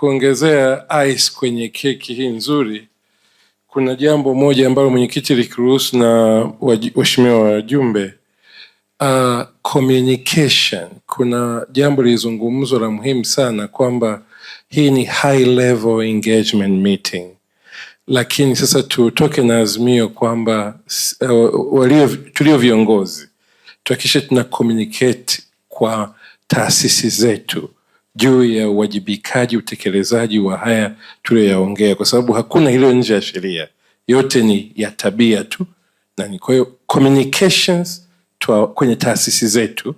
kuongezea ice kwenye keki hii nzuri, kuna jambo moja ambalo mwenyekiti likiruhusu na waheshimiwa wajumbe uh, communication. Kuna jambo lilizungumzwa la muhimu sana kwamba hii ni high level engagement meeting, lakini sasa tutoke na azimio kwamba uh, tulio viongozi tuhakikishe tuna communicate kwa taasisi zetu juu ya uwajibikaji, utekelezaji wa haya tuliyoyaongea, kwa sababu hakuna iliyo nje ya sheria, yote ni ya tabia tu. Na kwa hiyo communications kwenye taasisi zetu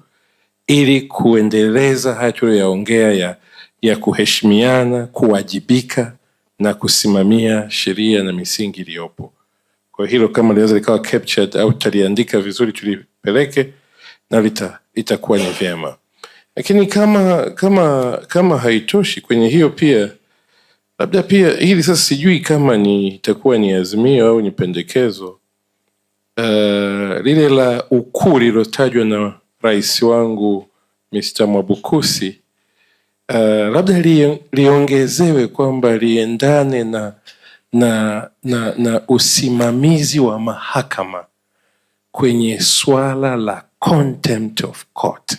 ili kuendeleza haya tuliyoyaongea ya, ya kuheshimiana, kuwajibika na kusimamia sheria na misingi iliyopo. Kwa hilo kama linaweza likawa captured au tutaliandika vizuri tulipeleke, na litakuwa ni vyema. Lakini kama kama kama haitoshi kwenye hiyo pia labda pia hili sasa, sijui kama ni itakuwa ni azimio au ni pendekezo uh, lile la ukuu lilotajwa na rais wangu m Mwabukusi uh, labda liongezewe kwamba liendane na na, na na usimamizi wa mahakama kwenye swala la contempt of court.